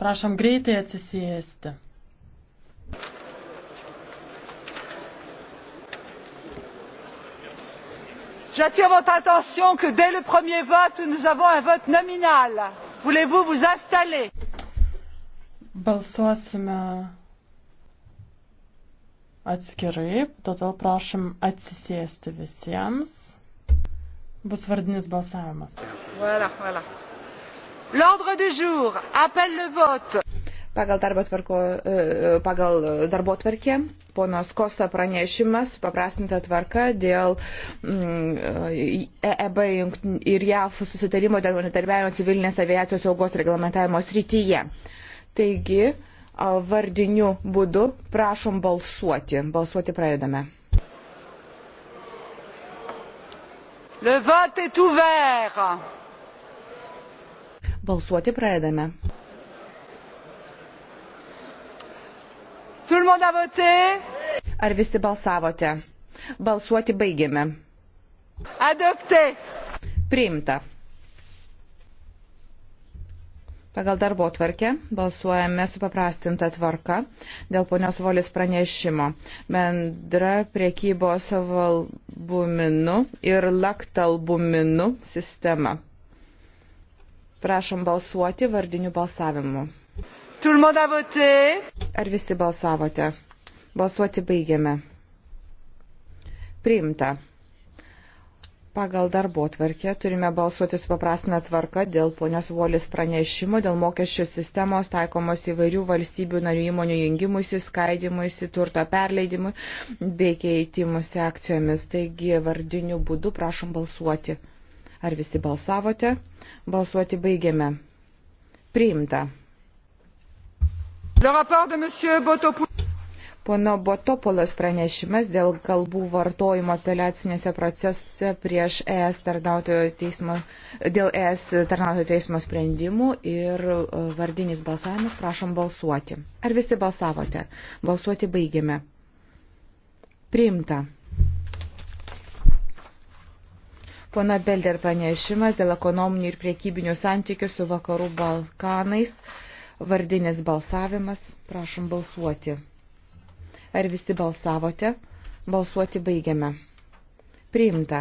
Prašom greitai atsisėsti. J'attire votre attention que dès le premier vote, nous avons un vote nominal. Voulez-vous vous installer Balsuosime atskirai, todėl prašom atsisėsti visiems. Bus vardinis balsavimas. Voilà, voilà l'ordre du jour appelle le vote pagal darbo tvarko, e, e, pagal darbo tvarkę ponos Kosa pranešimas paprastinta tvarka dėl mm, EEB e ir JAF susitarimo dėl unitarbiavimo civilinės aviacijos saugos reglamentavimo srityje. Taigi, vardiniu būdu prašom balsuoti. Balsuoti pradedame. Le vote est ouvert. Balsuoti pradedame. Ar visi balsavote? Balsuoti baigėme. Adopte. Priimta. Pagal darbo tvarkę balsuojame su paprastinta tvarka dėl ponios Volis pranešimo. Bendra priekybos valbuminu ir laktalbuminu sistema. Prašom balsuoti vardiniu balsavimu. Ar visi balsavote? Balsuoti baigiame. Priimta. Pagal darbo tvarkę turime balsuoti su paprastinę tvarką dėl ponios Volis pranešimo, dėl mokesčių sistemos taikomos įvairių valstybių narių įmonių jungimusi, skaidimusi, turto perleidimui bei keitimusi akcijomis. Taigi vardiniu būdu prašom balsuoti. Ar visi balsavote? Balsuoti baigiame. Priimta. Pono Botopolos pranešimas dėl kalbų vartojimo apeliacinėse procesuose prieš ES tarnautojo teismo, dėl ES tarnautojo teismo sprendimų ir e, vardinis balsavimas prašom balsuoti. Ar visi balsavote? Balsuoti baigiame. Priimta. Pona Belder pranešimas dėl ekonominių ir priekybinių santykių su vakarų Balkanais. Vardinis balsavimas. Prašom balsuoti. Ar visi balsavote? Balsuoti baigiame. Priimta.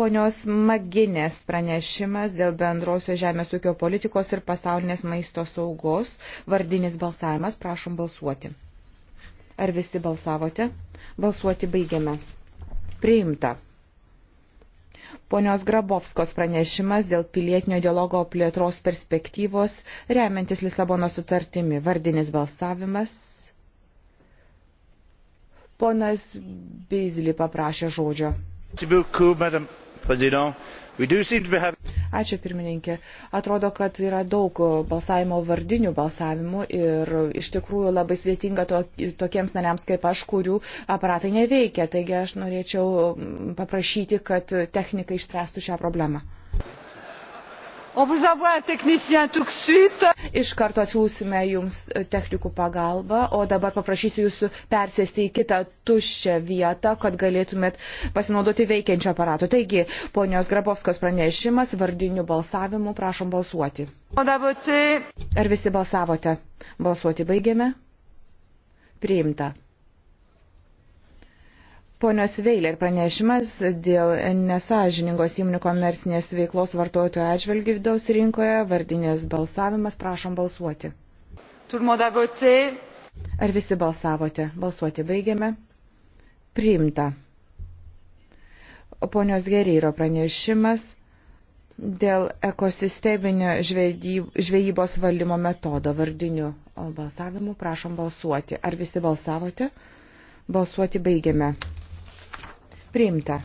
Ponios Maginės pranešimas dėl bendrosios žemės ūkio politikos ir pasaulinės maisto saugos. Vardinis balsavimas, prašom balsuoti. Ar visi balsavote? Balsuoti baigiame priimta. Ponios Grabovskos pranešimas dėl pilietinio dialogo plėtros perspektyvos remiantis Lisabono sutartimi. Vardinis balsavimas. Ponas Beizli paprašė žodžio. Ačiū, Ačiū pirmininkė. Atrodo, kad yra daug e, balsavimo vardinių balsavimų ir iš tikrųjų labai sudėtinga to, tokiems nariams kaip aš, kurių aparatai neveikia. Taigi aš norėčiau paprašyti, kad technikai išspręstų šią problemą. Iš karto atsiūsime jums e, technikų pagalbą, o dabar paprašysiu jūsų persėsti į kitą tuščią vietą, kad galėtumėt pasinaudoti veikiančio aparato. Taigi, ponios Grabovskos pranešimas vardiniu balsavimu, prašom balsuoti. Ar visi balsavote? Balsuoti baigėme? Priimta. Ponios Veiler pranešimas dėl nesažiningos įmonių komercinės veiklos vartotojų atžvilgių vidaus rinkoje, vardinės balsavimas, prašom balsuoti. Ar visi balsavote? Balsuoti baigiame. Priimta. Ponios Geryro pranešimas dėl ekosisteminio žvejybos valdymo metodo vardiniu balsavimu, prašom balsuoti. Ar visi balsavote? Balsuoti baigiame. Priimta.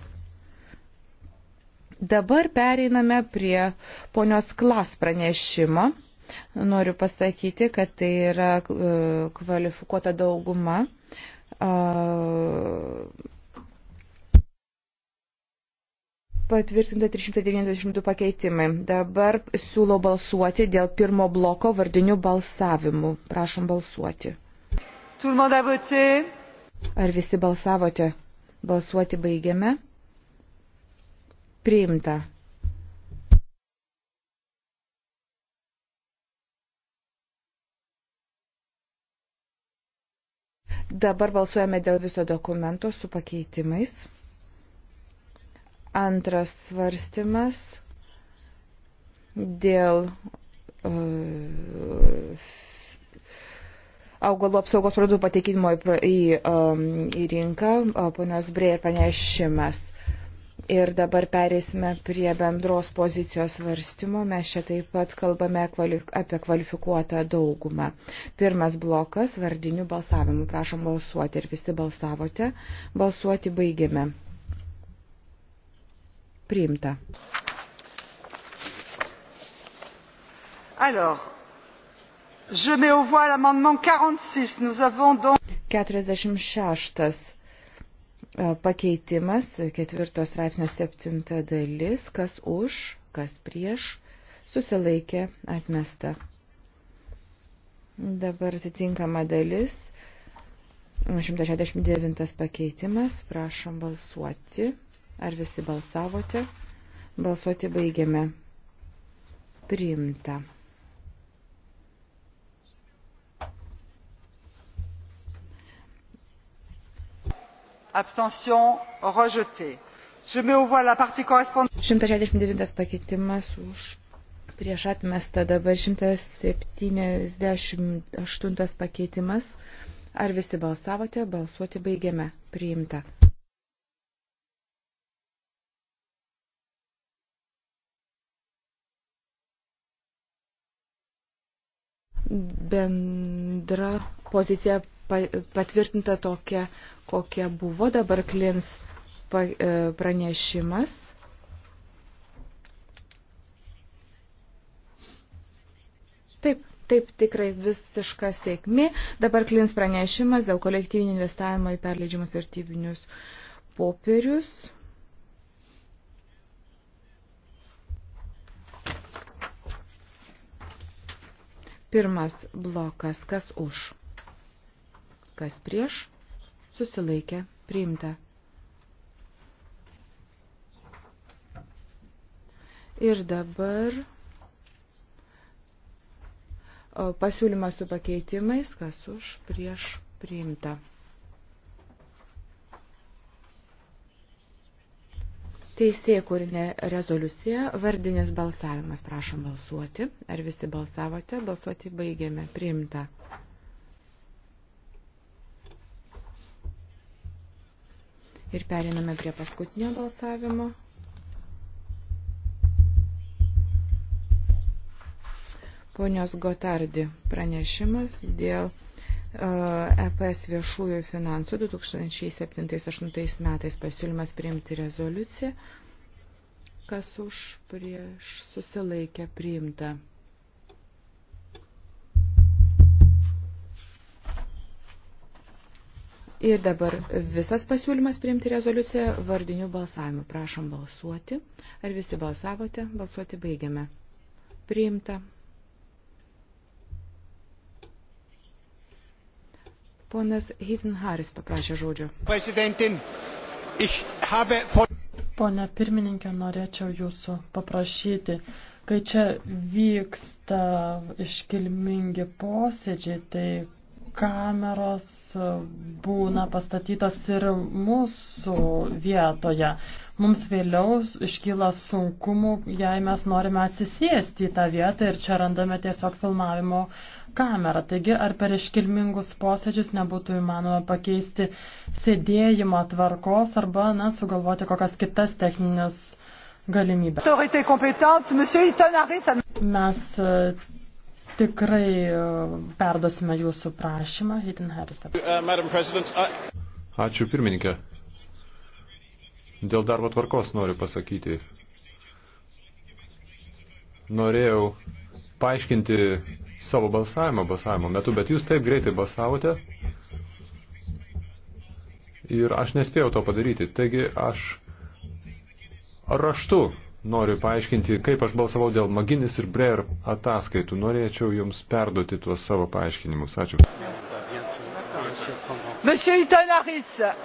Dabar pereiname prie ponios Klas pranešimo. Noriu pasakyti, kad tai yra e, kvalifikuota dauguma. E, patvirtinta 392 pakeitimai. Dabar siūlau balsuoti dėl pirmo bloko vardinių balsavimų. Prašom balsuoti. Ar visi balsavote? Balsuoti baigiame. Priimta. Dabar balsuojame dėl viso dokumento su pakeitimais. Antras svarstymas dėl uh, augalų apsaugos produktų pateikimo į, į, um, į rinką, ponios Brėjer pranešimas. Ir dabar pereisime prie bendros pozicijos svarstymo. Mes čia taip pat kalbame kvali apie kvalifikuotą daugumą. Pirmas blokas - vardinių balsavimų. Prašom balsuoti. Ir visi balsavote. Balsuoti baigėme. Priimta. Alors, Je mets au voix l'amendement 46. Nous avons donc. 46. E, pakeitimas, ketvirtos straipsnio septinta dalis, kas už, kas prieš, susilaikė, atmesta. Dabar atitinkama dalis, 169 pakeitimas, prašom balsuoti. Ar visi balsavote? Balsuoti baigiame. Priimta. abstention rejeté. je mets aux voix la partie correspondante. šimtas šešiasdešimt devintas pakeitimas už prieš atmestą dabar šimtas septyniasdešimt aštuntas pakeitimas ar visi balsavote balsuoti baigiame priimta. bendra pozicija patvirtinta tokia kokia buvo dabar klins e, pranešimas. Taip, taip tikrai visiška sėkmi. Dabar klins pranešimas dėl kolektyvinio investavimo į perleidžiamus vertybinius popierius. Pirmas blokas, kas už, kas prieš susilaikė, priimta. Ir dabar pasiūlymas su pakeitimais, kas už, prieš, priimta. Teisėje kūrinė rezoliucija, vardinės balsavimas, prašom balsuoti. Ar visi balsavote? Balsuoti baigiame, priimta. Ir periname prie paskutinio balsavimo. Ponios Gotardi pranešimas dėl uh, EPS viešųjų finansų 2007-2008 metais pasiūlymas priimti rezoliuciją, kas už prieš susilaikę priimta. Ir dabar visas pasiūlymas priimti rezoliuciją vardiniu balsavimu. Prašom balsuoti. Ar visi balsavote? Balsuoti baigiame. Priimta. Ponas Heaton Harris paprašė žodžio. Pone pirmininkė, norėčiau jūsų paprašyti kai čia vyksta iškilmingi posėdžiai, tai kameros būna pastatytos ir mūsų vietoje. Mums vėliau iškyla sunkumų, jei mes norime atsisėsti į tą vietą ir čia randame tiesiog filmavimo kamerą. Taigi, ar per iškilmingus posėdžius nebūtų įmanoma pakeisti sėdėjimo tvarkos arba, na, sugalvoti kokias kitas techninius galimybės. Mes Tikrai e, perdosime jūsų prašymą, Hitin Harris. Uh, Ačiū pirmininkė. Dėl darbo tvarkos noriu pasakyti. Norėjau paaiškinti savo balsavimą balsavimo metu, bet jūs taip greitai balsavote ir aš nespėjau to padaryti. Taigi aš raštu noriu paaiškinti, kaip aš balsavau dėl Maginis ir Brer ataskaitų. Norėčiau Jums perduoti tuos savo paaiškinimus. Ačiū. Monsieur Hilton Harris, euh,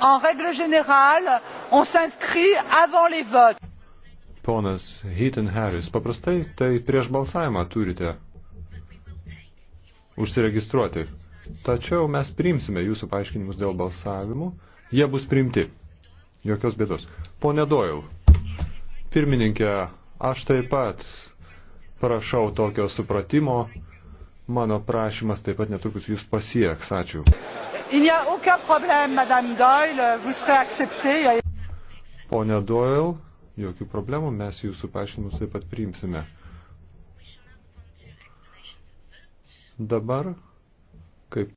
en règle générale, on s'inscrit avant les votes. Ponas Hilton Harris, paprastai tai prieš balsavimą turite užsiregistruoti. Tačiau mes priimsime jūsų paaiškinimus dėl balsavimų. Jie bus priimti. Jokios bėdos. Pone Doyle, Pirmininkė, aš taip pat prašau tokio supratimo. Mano prašymas taip pat netrukus jūs pasieks. Ačiū. Pone Doyle, jokių problemų, mes jūsų paaiškinimus taip pat priimsime. Dabar